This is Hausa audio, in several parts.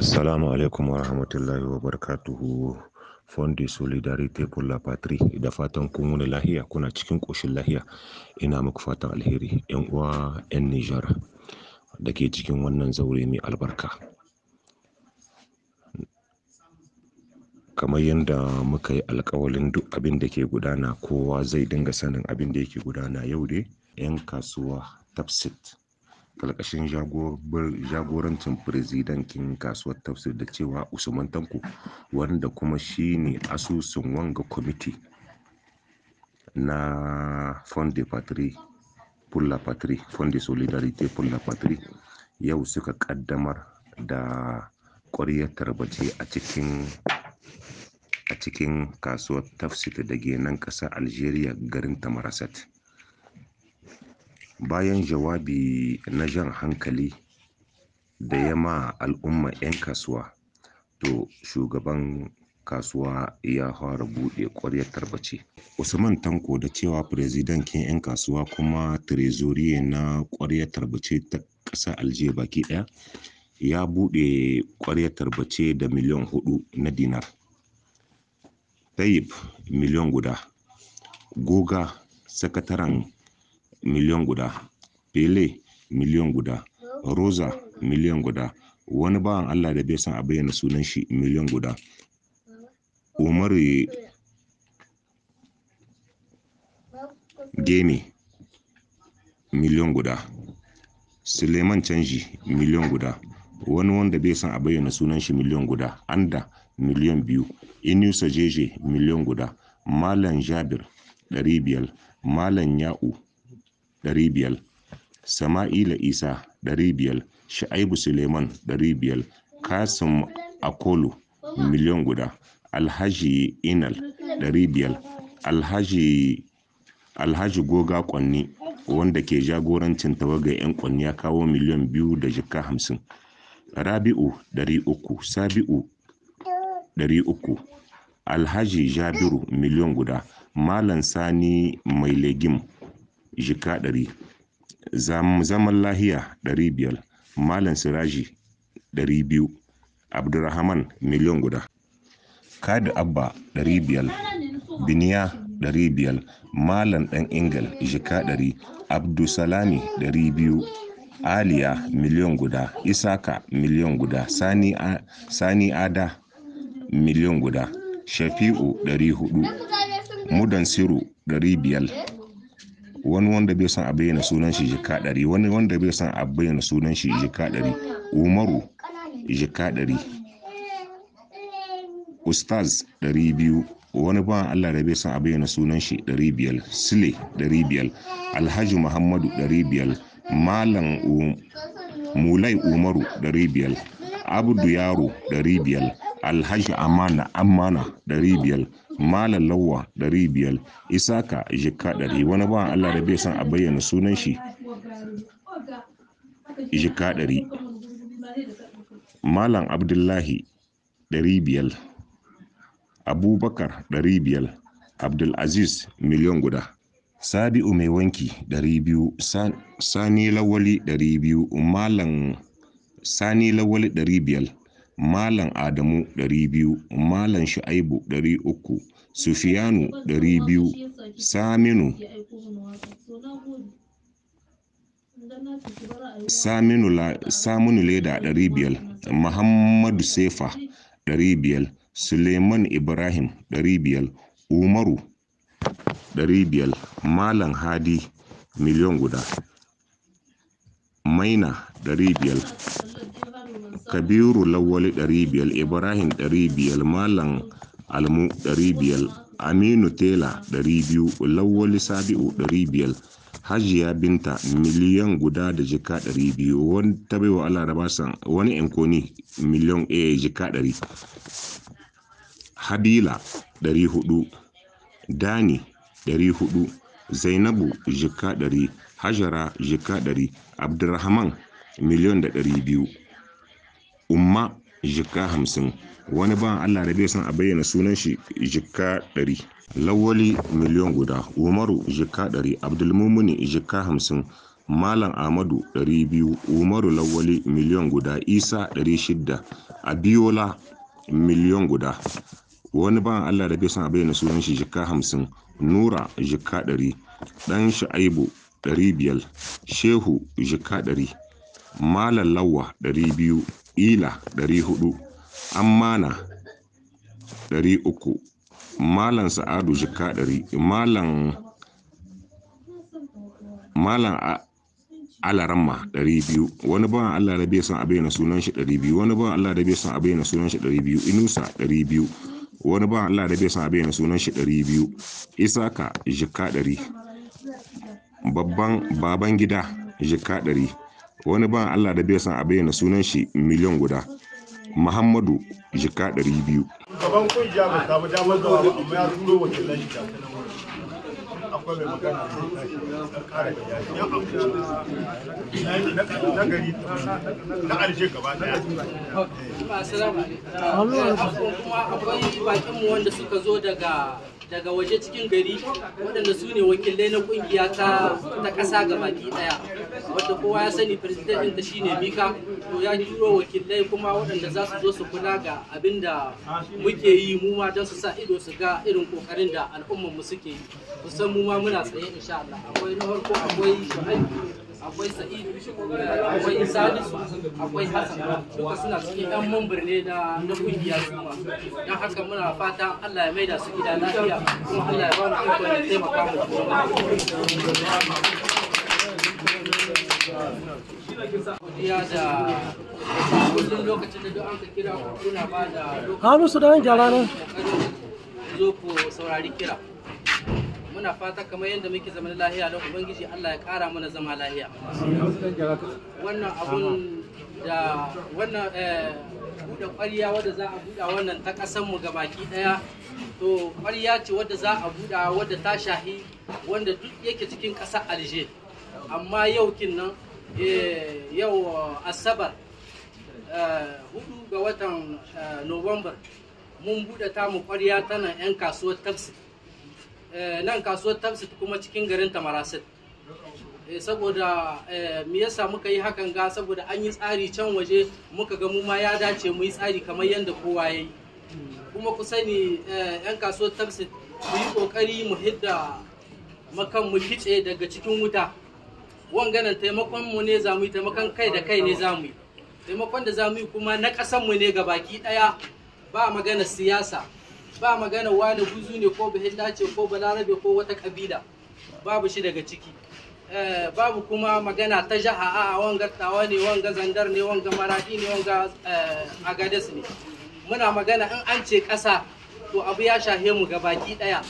Assalamu alaikum warahmatullahi rahmatullahi wa Fondi Solidarity pour la Patrie da fatan kun wani lahiya kuna cikin koshin lahiya ina muku fatan alheri yan uwa yan Nijar da ke cikin wannan zaure mai albarka kamar yadda muka yi alkawalin duk abin da ke gudana kowa zai dinga sanin abin da yake gudana yau dai yan kasuwa tafsit ƙarƙashin jagorancin firizidankin kasuwar tafsir da cewa usman tanko wanda kuma shi ne asusun wanga kwamiti na fond de patrie pour la patrie fond de solidarité pour la patrie yau suka ƙaddamar da ƙwaryar tarbace a cikin kasuwar tafsir da ke nan ƙasar algeria garin tamarasat bayan jawabi na jan hankali da ya ma al'umma 'yan kasuwa to shugaban kasuwa ya fara buɗe ƙwaryar tarbace usman tanko da cewa kin 'yan kasuwa kuma tirezoriye na ƙwaryar tarbace ta ƙasa aljiya baki ɗaya ya buɗe ƙwaryar tarbace da miliyan hudu na dinar tayib miliyan guda goga sakataren miliyan guda pele miliyan guda rosa miliyan guda wani bawan allah da bai san a bayyana sunan shi miliyan guda umaru gemi miliyan guda suleiman canji miliyan guda wani wanda bai san a bayyana sunan shi miliyan guda anda miliyan biyu inusa jeje miliyan guda malam jabir 500 malam ya'u 500 Sama'ila Isa 500 Sha'ibu Suleiman 500 Kasim Akolu miliyan guda Alhaji Inal 500 Alhaji Alhaji Goga Kwanni wanda ke jagorancin tawagar 'yan kwanni ya kawo miliyan biyu da jika hamsin. Rabi'u 300 Sabi'u 300 Alhaji Jabiru miliyan guda, Malam Sani Mai Legim jika ɗari zaman lahiya ɗari biyar malam siraji ɗari biyu abdurrahman miliyan guda kadi abba ɗari biyar biniya ɗari biyar malam ɗan ingal jika ɗari abdusalami ɗari biyu aliya miliyan guda isaka miliyan guda sani, sani ada miliyan guda shafi'u 400 mudan siru 500 wani wanda bai son a bayyana sunan shi jika ɗari wani wanda bai son a bayyana sunan shi jika ɗari umaru jika ɗari ustaz ɗari biyu wani ba allah da bai son a bayyana sunan shi ɗari biyar sile ɗari biyar alhaji muhammadu ɗari biyar malam mulai umaru ɗari biyar abdu yaro ɗari biyar alhaji amana amana ɗari biyar malam lawa ɗari biyar isaka jika ɗari wani bawan allah da bai san a bayyana sunan shi jika ɗari malam abdullahi ɗari abubakar ɗari biyar abdulaziz miliyan guda sabi'u mai wanki ɗari sani lawali ɗari malam sani lawali ɗari malam adamu ɗari biyu malam shu'aibu ɗari sufiyanu ɗari biyu saminu saminu la saminu leda ɗari biyar muhammadu sefa ɗari biyar suleiman ibrahim ɗari biyar umaru ɗari biyar malam hadi miliyan guda maina ɗari biyar kabiru lawali ɗari biyar ibrahim ɗari biyar malam Almu 500, Aminu Tela 200, Lawali Sabi'u 500, Hajiya Binta miliyan guda da jika 200, wani tabewa Allah Rabasan wani Enkoni miliyan eh jika 100. Habila 400, Dani 400, Zainabu jika 100, Hajara jika 100, Abdurrahman miliyan da ɗari umma jikka hamsin wani ban allah da bai san a bayyana sunan shi jikka ɗari lawali miliyon guda umaru jikka ɗari abdulmumuni jikka hamsin malam amadu ɗari biyu umaru lawali miliyon guda isa ɗari shidda abiola miliyon guda wani ban allah da bai san a bayyana sunan shi jikka hamsin nura jikka ɗari ɗan sha'aibu ɗari biyar shehu jikka ɗari malam lawa ɗari biyu ila ɗari hudu ammana ɗari uku malam sa'adu jika ɗari malam malam alaramma ɗari biyu wani ban allah da bai san a bayyana sunan shi ɗari wani ban allah da bai san a bayyana sunan shi ɗari inusa ɗari wani ban allah da bai san a bayyana sunan shi ɗari isaka jika ɗari babban baban gida jika wani ban Allah da bai san a bayyana sunan shi miliyan guda Muhammadu jika ɗari biyu. Gaban kun ja ba samu damar zuwa ba amma ya turo shi ta ya na gari na suka zo daga daga waje cikin gari waɗanda su ne wakilai na ƙungiya ta ƙasa ga baki ɗaya wadda kowa ya sani firzidantin ta shine mika to ya turo wakilai kuma waɗanda za su zo su kula ga abin da muke yi mu ma don su sa ido su ga irin ƙoƙarin da al'ummar mu suke yi kusan mu ma muna tsaye insha Allah akwai na farko akwai akwai sa'id akwai salisu akwai hassan duka suna cikin yan mambar ne na na kungiya su don haka muna fata allah ya maida su gida lafiya kuma allah ya bani mu ya taimaka mu da kullum lokacin da hannu su da gyara nan zo ku saurari kira muna fata kamar yadda muke zaman lahiya da ubangiji Allah ya kara mana zama lahiya wannan abun da wannan eh, buɗe ƙwarya wadda za a buɗa wannan ta mu ga baki ɗaya to ƙwarya ce wadda za a buɗa wadda ta shahi wanda duk yake cikin ƙasar alje amma yau kin nan eh, yau asabar eh, hudu ga watan nuwambar mun buɗe mu ƙwarya tana 'yan kasuwar tafsir Eh, nan kasuwar tamsit kuma cikin garin tamarasit eh, saboda eh, me yasa muka yi hakan ga saboda an yi tsari can waje muka ga mu ma ya dace mu yi tsari kamar yadda kowa ya yi kuma ku sani yan kasuwar tamsit mu yi kokari mu hidda makan mu kice daga cikin wuta wanganan taimakon mu ne za yi taimakon kai da kai ne za yi taimakon da za yi kuma na ƙasan mu ne ga baki ɗaya ba magana siyasa ba magana wani guzu ne ko bihilla ce ko balarabe ko wata kabila babu shi daga ciki eh, babu kuma magana ta jaha a wanga tawa ne wanga zandar ne wanga maradi ne wanga eh, agades ne muna magana in an ce kasa to abu ya shahe mu gabaki ɗaya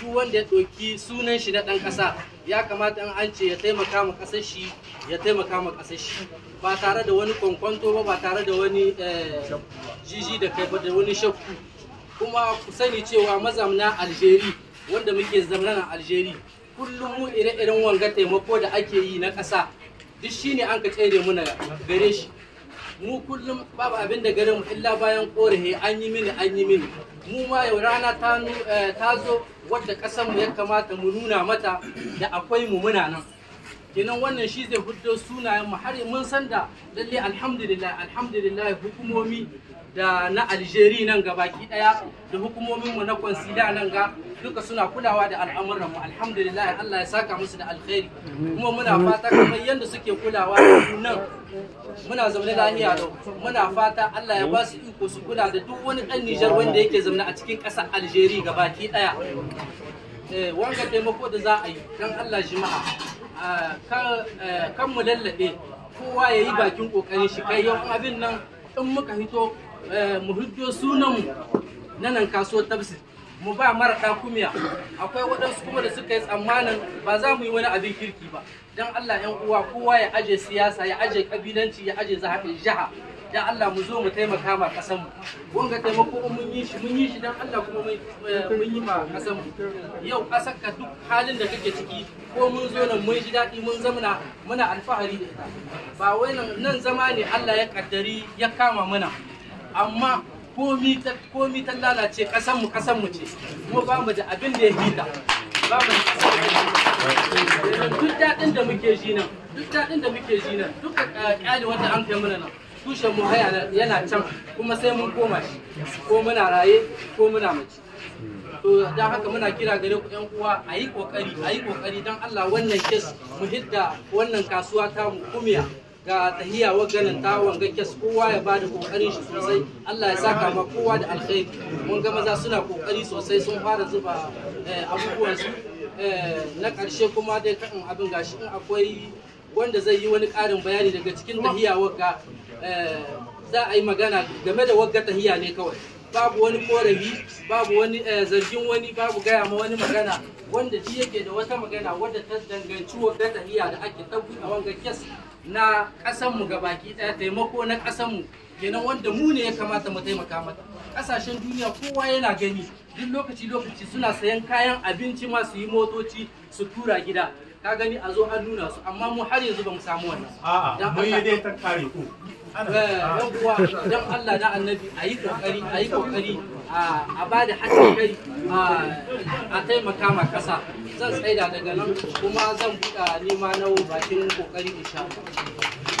duk wanda ya ɗauki sunan shi na ɗan ƙasa ya kamata in an ce ya taimaka ma ƙasar shi ya taimaka ma ƙasar shi ba tare da wani kwankwanto ba ba tare da wani eh, jiji da kai ba da wani shakku kuma ku sani cewa mazamna aljeri wanda muke zamna aljeri kullum mu ire-iren wanga taimako da ake yi na ƙasa duk shine an ka tsere muna gare shi mu kullum babu abin da gare mu illa bayan korehe an yi mini an yi mini mu ma yau rana ta eh, zo wadda ƙasar mu ya kamata mu nuna mata da akwai mu muna nan kenan wannan shi zai fito sunayen mu har mun san da lalle alhamdulillah alhamdulillah hukumomi da na Algeria nan gabaki daya da hukumomin mu na konsila nan ga duka suna kulawa da al'amuran mu alhamdulillah Allah ya saka musu da alkhairi kuma muna fata kamar yadda suke kulawa da nan muna zaune lafiya lau muna fata Allah ya ba su iko su kula da duk wani dan Nijar wanda yake zaune a cikin ƙasar Algeria gabaki daya eh, wanga taimako da za a yi dan Allah jima'a kan mu lallabe kowa ya yi bakin kokarin shi kai yau abin nan in muka hito mu hiddo sunanmu na nan kaso tafsir mu ba mara ɗakumiya akwai waɗansu kuma da suka yi tsammanin ba za mu yi wani abin kirki ba don allah yan uwa kowa ya aje siyasa ya aje kabilanci ya aje zahaɗin jiha ya Allah mu zo mu taimaka ma kasan mu ga taimako mun yi shi mun yi shi dan Allah kuma mun yi ma kasan mu yau kasar ka duk halin da kake ciki ko mun zo nan mun ji dadi mun zamana muna alfahari da ita ba wai nan zama ne Allah ya kaddari ya kama muna amma komi ta komi ta lalace kasan mu kasan mu ce kuma ba mu da abin da ya hita ba mu da duk daɗin da muke ji nan duk daɗin da muke ji nan duk eh, ƙyale wanda an kai mana nan tushen mu haya yana can kuma sai mun koma shi ko muna raye ko muna mace to da haka muna kira gare ku yan uwa a yi kokari a yi kokari don Allah wannan kes mu hidda wannan kasuwa ta mu kumiya ga tahiya ganin ta wanga kes kowa ya bada kokarin shi sosai Allah ya saka ma kowa da alkhairi mun ga maza suna kokari sosai sun fara zuba eh, abubuwan su eh, na karshe kuma dai kan abin gashi in akwai wanda zai yi wani ƙarin bayani daga cikin tahiya ga. Eh, za a yi magana game da wagga tahiya ne kawai babu wani korafi babu wani eh, zargin wani babu gaya ma wani magana wanda shi yake da wata magana wadda ta danganci wagga tahiya da ake tabbu a wanga kes na ƙasanmu baki ɗaya taimako na ƙasanmu kenan wanda mu ne ya kamata mu taimaka mata ƙasashen duniya kowa yana gani duk lokaci lokaci suna sayan kayan abinci masu yi motoci su tura gida ka gani a zo an nuna su amma mu har yanzu ba mu samu wannan a'a mun yi dai ta ku yan uwa don Allah na annabi a yi kokari a yi kokari a ba da haɗin kai a taimaka ma ƙasa zan tsaida daga nan kuma zan buɗa nema na bakin kokari insha Allah